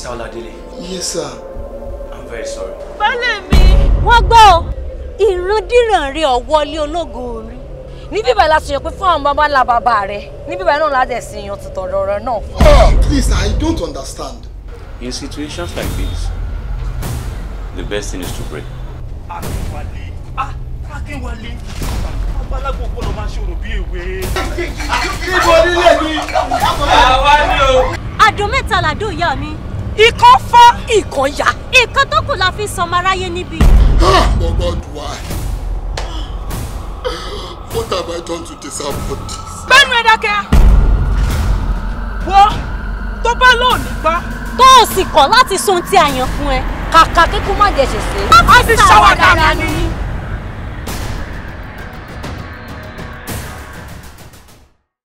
Mr. Oladele. Yes, sir. I'm very sorry. Baálé me, Wọ́n gbọ́ o, ìrandíran rẹ ọ̀wọ́ ilé ológun rí. Ní bíbá la ṣe yàn pé fún àwọn bàbá ńlá bàbá rẹ̀. Ní bíbá náà la dẹ̀ sí yan tuntun ọ̀rọ̀ náà. Oh, please, I don't understand. In situations like this, the best thing is to pray. Akínwálé, ah, Akínwálé, àgbàlagbà ọpọlọ máa ṣòro bí èwe. Níbo nílé mi? Àwa ni o. Àdó mẹ́ta làdó ìyá mi ìkan fọ́ ìkan yá. ìkan tó kù la fi sọmọ aráyé níbí. Oh God, why? What have I done to deserve for this? bẹ́ẹ̀ni ẹ dákẹ́ wo tó bá lóòní gbọ́. tó o sì kọ̀ láti sun ti àyàn fún ẹ kàkà kíkú má jẹ ṣèṣe. wọ́n ti ṣàwádà rẹ̀ ni.